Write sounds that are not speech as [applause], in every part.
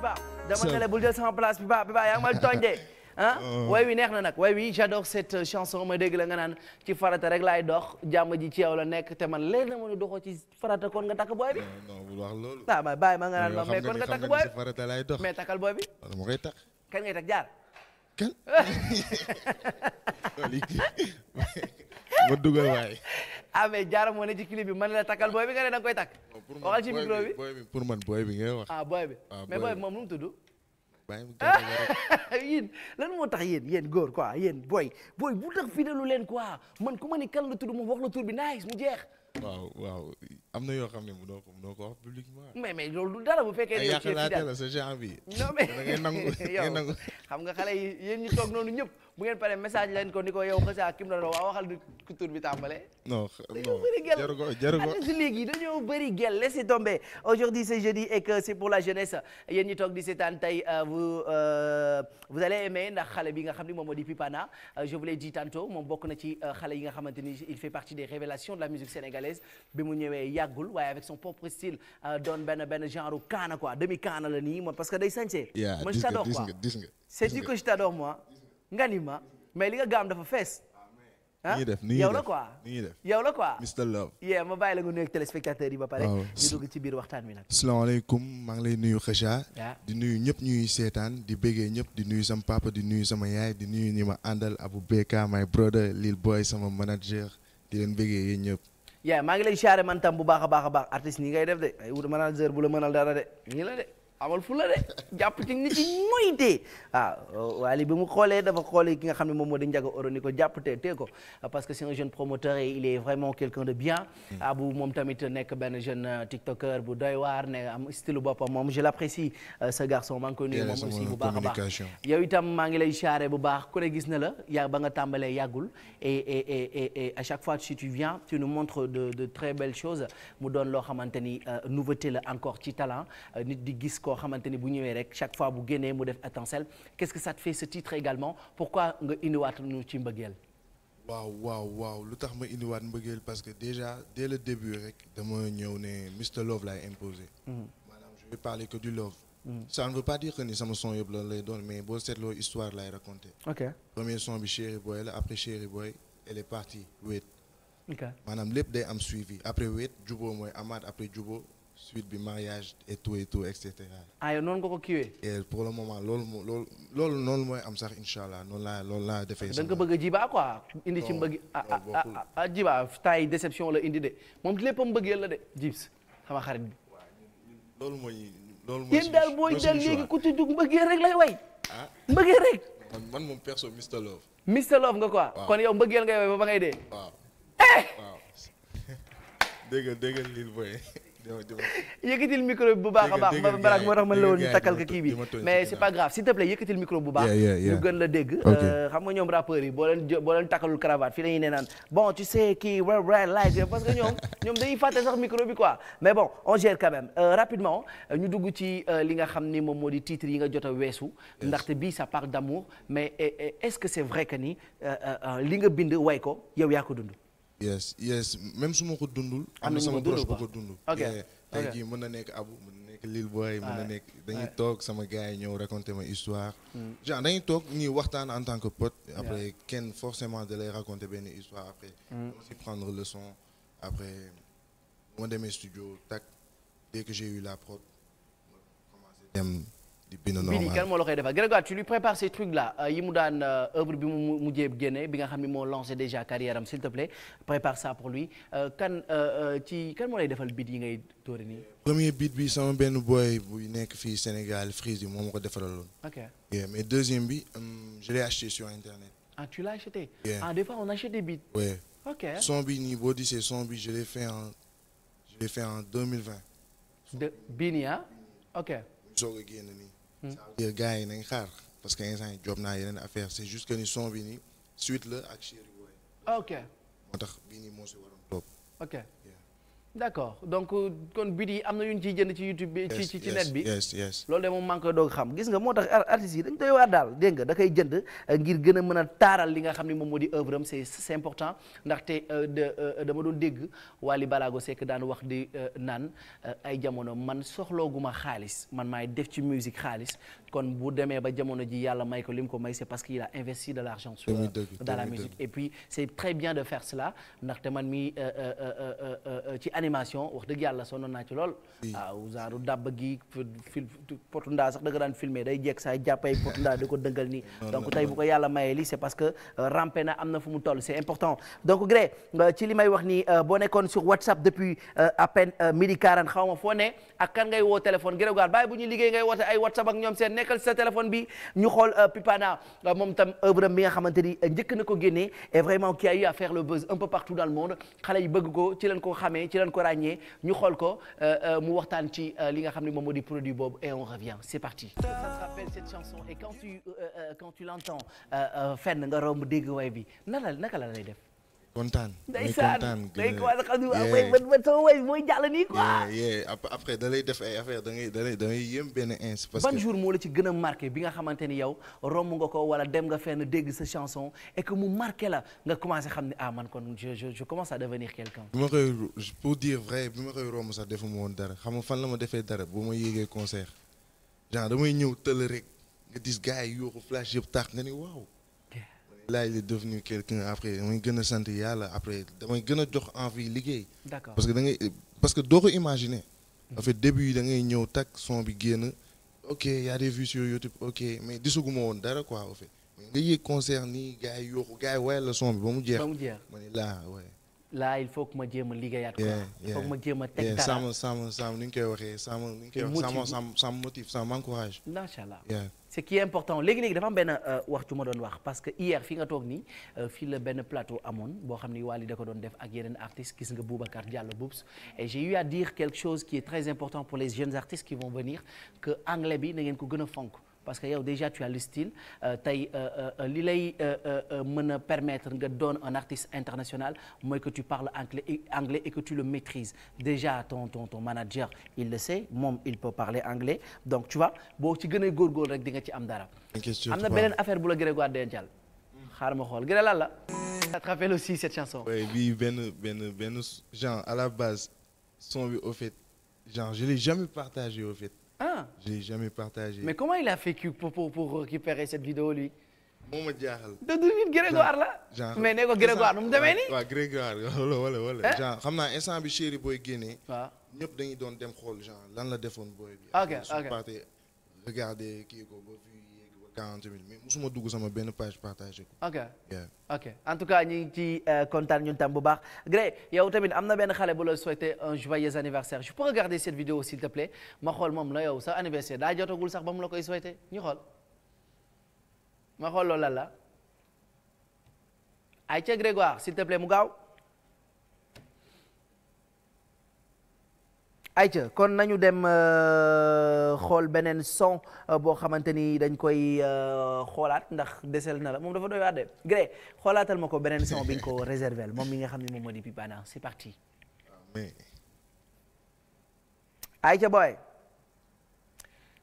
bi baax. dama ne la bul place bi baax bi baax yaa ngi may tooñ de. way wi neex na nag way wi j'adore cette uh, chanson ma dégg la nga naan ci farata rek laay dox jàmm ji ci yow la nekk te man léegi na eh, ma ne doxoo ci farata koon nga takk booy bi. non bu baay ma bàyyi nga naan ma mais kon nga takk booy bi farata takkal booy bi. ma koy takk. kan ngay takk jaar. kan. [laughs] [laughs] [laughs] ma dugal waay. ah jaar jaara moo ne ci man la takkal booy bi nga ne da nga koy takk. waxal ci micro bi pour man booy bi ngay wax. lan moo tax yéen yéen góor quoi yéen booy booy bu tax fidelu leen quoi man ko ma ni kan la tudd moom wax la tur bi nice mu jeex. waaw am na yoo xam ne mënoo ko mënoo ko wax publiquement. mais mais loolu dara bu fekkee. yow ci la sa genre bi. nangu [laughs] da xam nga xale yi yéen ñu toog noonu ñëpp bu ngeen paree message leen ko ni ko yow xësa kim la doon waa waxal ku tur bi tàmbalee. non non jaru ko jaru ko dañoo bëri gel léegi dañoo bëri gel laissez tomber euh, euh, bi nga xam ne moom moo di Pipana euh, je vous l'ai dit tantôt moom bokk na ci xale yi nga xamante ni il fait partie des révélations de la musique sénégalaise bi mu ñëwee yàggul waaye avec son propre style euh, doon benn benn genre kaana quoi demi kaana la nii moom parce ma mais la quoi yow la quoi Love yeah ma bàyyi la nga nuyu ak téléspectateurs yi ba pare ñu dugg ci biir waxtaan bi nag salaamaaleykum maa ngi lay nuyu Kheucha di nuyu ñëpp ñuy seetaan di béggee ñëpp di nuyu sama papa di nuyu sama yaay di nuyu ñi ma àndal Abou Beka my brother Lil Boy sama manager di leen béggee yéen ñëpp yaa maa ngi lay siyaare man tam bu baax a baax a baax def de ay wut manager bu la mënal dara de nii de amal fu la de jàpp ci nit yi mooy dee ah, euh, waaw bi mu xoolee dafa xoolee ki nga xam ne moom moo di njaga oro ni ko jàpp te tee ko parce que c'est un jeune promoteur et il est vraiment quelqu'un de bien hmm. bu moom tamit nekk benn jeune euh, tiktoker bu doy waar ne am style boppam moom je l'apprécie euh, ce garçon maa ngi koy nuyu moom baax a baax yow itam maa ngi lay charré bu baax gis na la yaa ba nga tàmbalee yàggul et chaque fois si tu viens tu de de très belles choses mu doon loo xamante ni nouveauté la encore ci talent nit di gis ko koo xamante ni bu ñëwee rek chaque fois bu génnee mu def étincelle qu'est-ce que ça te fait ce titre également pourquoi nga indiwaat ñu ci mbëggeel waaw waaw waaw lu tax ma indiwaat mbëggeel parce que déjà dès le début rek dama ñëw ne Mr Love laay imposé mm-hmm. maanaam je vais parler que du love mm-hmm. ça ne veut pas dire que ni sama son yëpp loolu lay doon mais boo seetloo histoire lay raconté premier son bi Chéri Boy la après Chéri Boy elle est partie wéet maanaam lépp suite bi mariage et tout et tout et cetera. ah yow nga ko kiiwee. et pour le moment loolu moo loolu loolu mooy am sax incha allah noon laa loolu laa defee. Ah, da ko bëgg jibaa quoi. indi ci mbëgg ah ah, ah, ah jibaa taay déception la indi de moom lépp mbëggeel la de jibs sama xarit bi. loolu mooy. loolu mooy yéen daal booy daal léegi ku ci dugg rek la way. ah mbëggeel rek. man man moom perso Mr Love. nga quoi. kon yow mbëggeel ngay way ba ba ngay dee. waaw eh! waaw. dégg nga dégg yëkkatil micro bi bu baax a baax Barak moo tax man la woon ñu takkal ko kii bi mais c'est pas grave s'il te plaît yëkkatil micro bu baax ñu gën la dégg euh, xam nga ñoom rappeurs yi boo leen boo leen takkalul cravate fii la ñuy nee naan bon tu sais kii wa wa live parce que ñoom [laughs] ñoom dañuy fàtte sax micro bi quoi mais bon on gère quand même euh, rapidement euh, ñu dugg ci li nga xam ni moom moo di titre yi nga jot weesu ndaxte bii sa par d'amour mais est-ce que c'est vrai que ni li nga bind way ko yow yaa ko dund yes yes même su ma ko dundul. am na sama broche bu ko dundul. ok tey jii mën na nekk abu mën na nekk Lil Boy. mën na nekk dañuy toog sama gars yi ñëw raconter ma histoire. Hmm. genre dañuy toog ñuy waxtaan en tant que pote. après kenn forcément da lay raconter benn histoire après. Hmm. aussi prendre leçon après moo demee studio tac dès que eu la prod. Billy kan moo la koy defal Grégoire tu lui prépares ces trucs là euh, yi mu daan euh, œuvre bi mu mujjee génne bi nga xam ne moo lancé déjà carrière am s'il te plaît prépare ça pour lui euh, kan ci kan moo defal beat yi ngay tóore ni premier beat bi sama benn boy bu nekk fii Sénégal Freezy moom moo ko defaraloon ok mais deuxième bi um, je l'ai acheté sur internet ah tu l'as acheté ah on achète des beats ouais ok son bi nii boo disee son bi je l'ai fait en je l'ai fait en 2020 de bii nii ah ok soo ko génn nii Mm. ça veut yi nañ xaar parce que instant yi job naa yeneen affaire c' est juste que ni son bi nii suite la ak chéri wooye ok moo tax bii nii moo si waroon toog ok d'accord donc euh, kon bit yi am na yu ñu ciy jënd ci YouTube bi. ci ci net bi loolu de moom maa ngi koy doog xam gis nga moo tax artistes yi dañ koy waar daal dégg nga da jënd euh, ngir gën a mën a taaral li nga xam ne moom moo di œuvre am c'est c'est important ndaxte euh, de dama doon dégg Wally Balago Seck daan wax di naan ay jamono man soxlooguma xaalis man maay def ci musique xaalis kon bu demee ba jamono ji yàlla may ko li mu ko may c'est parce qu'il a investi de l'argent animation wax dëgg yàlla sonnoon naa ci lool. Ah, gi fil potundaa day jekk saa jàppay potundaa di ko dëngal nii. donc tey bu ko yàlla c'est parce que euh, rampé na am na fu mu toll c'est important. donc Gré euh, ci li may wax nii euh, boo nekkoon sur WhatsApp ak ngay woo téléphone Grégoire bàyyi bu ñu liggéey ngay woote ay WhatsApp ak ñoom seen téléphone bi ñu xool Pipana moom tam œuvre bi nga xamante ni ko génnee et vraiment qui a le buzz un peu partout daan ko ràññee ñu xool ko euh, euh, mu waxtaan ci euh, li nga xam ne moom moo di produit boobu et on revient c'est parti. ça se rappelle cette chanson et quand tu quand tu l'entends fenn nga romb dégg way bi naka naka la lay def. kontaan. day kontaan day mooy jàll nii quoi. après dalay def ay affaire da ngay da lay da benn ins. parce que ban jour moo la ci gën a marqué bi nga xamante ni yow romb nga ko wala dem nga fenn dégg sa chanson et mu marqué la nga commencé xam ne ah man kon je je je commence à devenir quelqu'un bi ma koy pour dire vrai bi ma koy romb sax defuma woon dara xam nga fan la ma defee dara bu ma yéegee concert genre damay ñëw tëll rek nga gis gars yi yuuxu flash yëpp tax nga ni waaw. Laay il est devenu quelqu'un après damay gën a sant yàlla après damay gën a jox envie liggéey. d'accord parce que da ngay parce que doo ko imaginer. Mm-hmm. en fait début yi da ñëw tak son bi génn. ok y a des vues sur YouTube ok mais gisaguma woon dara quoi en fait. nga yéeg concert nii gars yi yooxu gars yi wayal la son bi ba mu jeex. ba mu jeex ma laa il faut que ma jéem a liggéeyaat quoi il faut que ma jéem a teg dara sama sama sama ni ñu koy waxee sam ni sam koy wax sama sama motif sama encourage allah ce qui est important léegi-léegi dafa am benn euh, wax ju ma doon wax parce que hier fi nga toog nii euh, fii la benn plateau amoon boo xam ni Wally da ko doon def ak yeneen artistes gis nga Boubacar Diallo Boubs et j'ai eu à dire quelque chose qui est très important pour les jeunes artistes qui vont venir que anglais bi na ngeen ko gën a fonk parce que yow déjà tu as le style euh, tey euh, euh, li lay mën a permettre nga doon un artiste international mooy que tu parles anglais anglais et que tu le maîtrises déjà ton manager il le sait moom il peut parler anglais donc tu vois boo ci gën a góorgóorlu rek di nga ci am dara. am na beneen affaire bu la Grégoire dencal. xaaral ma xool Gré lan la. ça aussi cette chanson. oui à la base son bi je l'ai jamais partagé au fait. Ah. J'ai jamais partagé. Mais comment il a vécu pour pour pour récupérer cette vidéo lui. moo ma jaaxal. de du nit Grégoire la. genre mais nee ko Grégoire nu mu demee nii. Grégoire [laughs] wala wala wala. Eh? xam naa instant bi chéri booy génnee. waaw ñëpp dañuy doon dem xool genre lan la defoon booy bi. ok ok su quarante mille mais musuma dugg sama benn page partagé ko. ok ok en tout cas ñu ngi ci euh, kontaan ñun tam bu baax Gré yow tamit am na benn xale bu la souhaité un joyeux anniversaire je peux regarder cette vidéo s'il te plaît ma xool moom la yow sa anniversaire daa jotagul sax ba mu la koy souhaité ñu xool ma xool loolu la la ay ca Grégoire s'il te plaît mu gaaw. ayca kon nañu dem euh, xool beneen son euh, boo xamante ni dañ koy euh, xoolaat ndax desel na la moom dafa doy waar de gré xoolaatal ma ko beneen son bi nga ko réservel moom mi nga xam ne moom moo di Pipana c'est parti ayca booy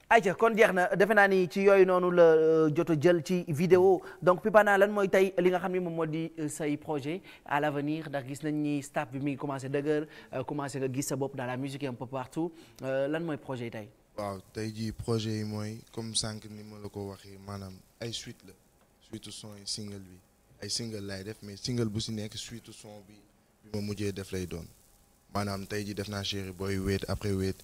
ayca kon jeex na defe naa ni ci yooyu noonu la euh, jot a jël ci vidéo donc pipa naa lan mooy tey li nga xam ni moom moo di euh, say projet à l'avenir ndax gis nañ ni staff bi mi ngi commencé dëgër euh, commencé nga gis sa bopp dans la musique un peu partout lan mooy projet yi tey. waaw tey jii projet yi mooy comme sànq ni ma la ko waxee maanaam ay suite la suite son yi single bi ay single laay def mais single bu si nekk suite son bi bi mujjee def lay doon maanaam tey jii def naa chéri booy wéet après wéet.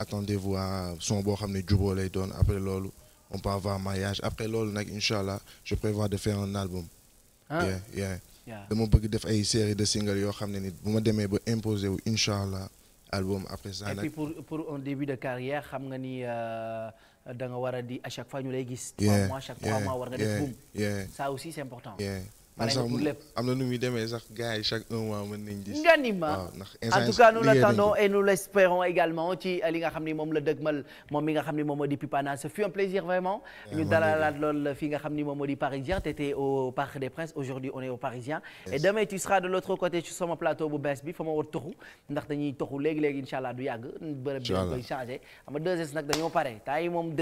attendez-vous à son boo xam ne juboo lay doon après loolu on peut avoir mariage après loolu nag incha allah je prévois de faire un album. ah yeah dama bëgg def ay série de single yoo xam ne ni bu ma demee ba imposer wu incha allah album après ça. et puis pour pour un début de carrière xam nga ni euh, da nga war a di à chaque fois ñu lay gis. trois mois chaque trois mois war nga def boom. ça aussi c'est important. pare nga pour lépp am na nu muy demee sax gars chaque un mois mën ni ma en tout cas nous l'attendons et nous l'espérons également ci euh, li nga xam ni moom la dëgmal moom mi nga xam ni moom moo di Pipana ce fut un plaisir vraiment. Ah, ñu dalalaat lool fi nga xam ni moom di Parisien t'étais au Parc des Princes aujourd'hui on est au Parisien. et demain tu seras de l'autre côté ci sama plateau bu bees bi fa war toxu ndax dañuy toxu léegi léegi incha du yàgg. bërëb bi nag dañoo pare temps yi moom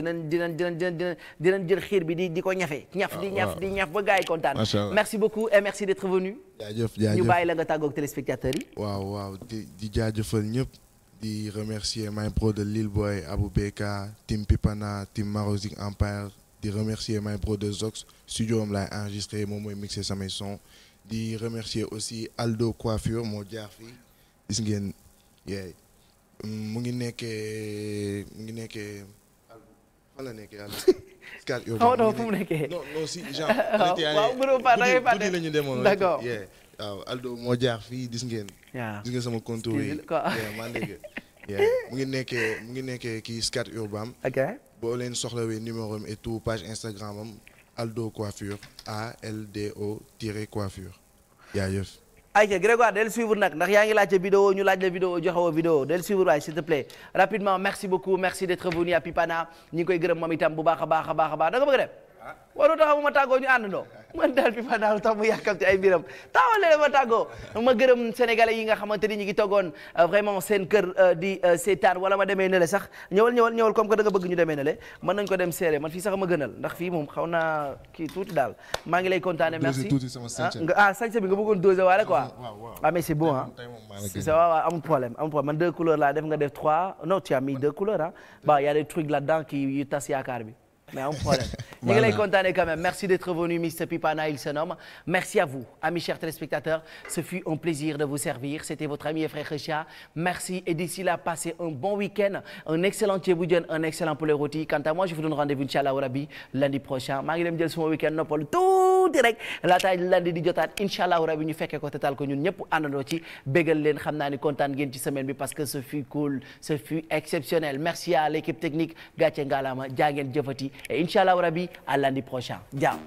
beaucoup et merci d'être venu. jaajëf jaajëf ñu bàyyi la nga tàggoog téléspectateurs yi. waaw di di jaajëfal ñëpp. di remercier my bro de Lil Boy Abou Beka team Pipana team Marosing Empire di remercier my bro de Zox studio am laay enregistré moom mooy mixé samay son di remercier aussi Aldo Coiffure moo jaar fii gis mu ngi nekkee mu ngi nekkee fan [laughs] xaw na fu mu non si genre. waaw groupe Fatick da ngay demoon. d'accord Aldo moo jaar fii gis ngeen. waaw gis ngeen sama contour yi. maa [laughs] dégg mu ngi nekkee mu ngi nekkee kii Scat Urbam. ok boo leen soxlawee numéro am et tout page Instagram am Aldo Coiffure A L D O tiré coiffure. yaa yëf. ayca Grégoire del suivre nag ndax yaa ngi laajte vidéo ñu laaj la vidéo joxe woo vidéo del suivre waay s'il te plaît rapidement merci beaucoup merci d'être venu à Pipana ñi ngi koy gërëm moom itam bu baax a baax a baax a baax da nga dem waru tax bu ma tàggoo ñu man daal bi fa daal tax mu yàkkamti ay mbiram taxawal leen ma ma gërëm sénégalais yi nga xamante ni ñu ngi toggoon euh, vraiment seen kër euh, di euh, seetaan wala ma demee ne le sax ñëwal ñëwal ñëwal comme da nga bëgg ñu demee ne le mën ko dem seere man fii sax ma gënal ndax fii moom xaw naa kii tuuti daal maa ngi lay kontaane merci ah, ah sañse bi nga bëggoon dosé waale quoi ah mais c'est bon ah c'est waaw waaw amul problème amul problème man deux couleurs laa def a [laughs] ñu ngi lay kontaane quand même merci d'être venu Mr Pipana il se nomme merci à vous amis chers téléspectateurs ce fut un plaisir de vous servir c'était votre ami et frère merci et d'ici là un bon week un excellent ceebu jën un excellent poulet rôti quant à moi je vous donne rendez-vous rabbi lundi prochain maa ngi dem jël sama week-end ko ñëpp àndandoo ci bégal leen naa ni kontaan ngeen ci semaine bi parce que ce fut cool ce fut exceptionnel merci à l'équipe technique gàcce ngaalama jaa ngeen à l'année prochaine. Ciao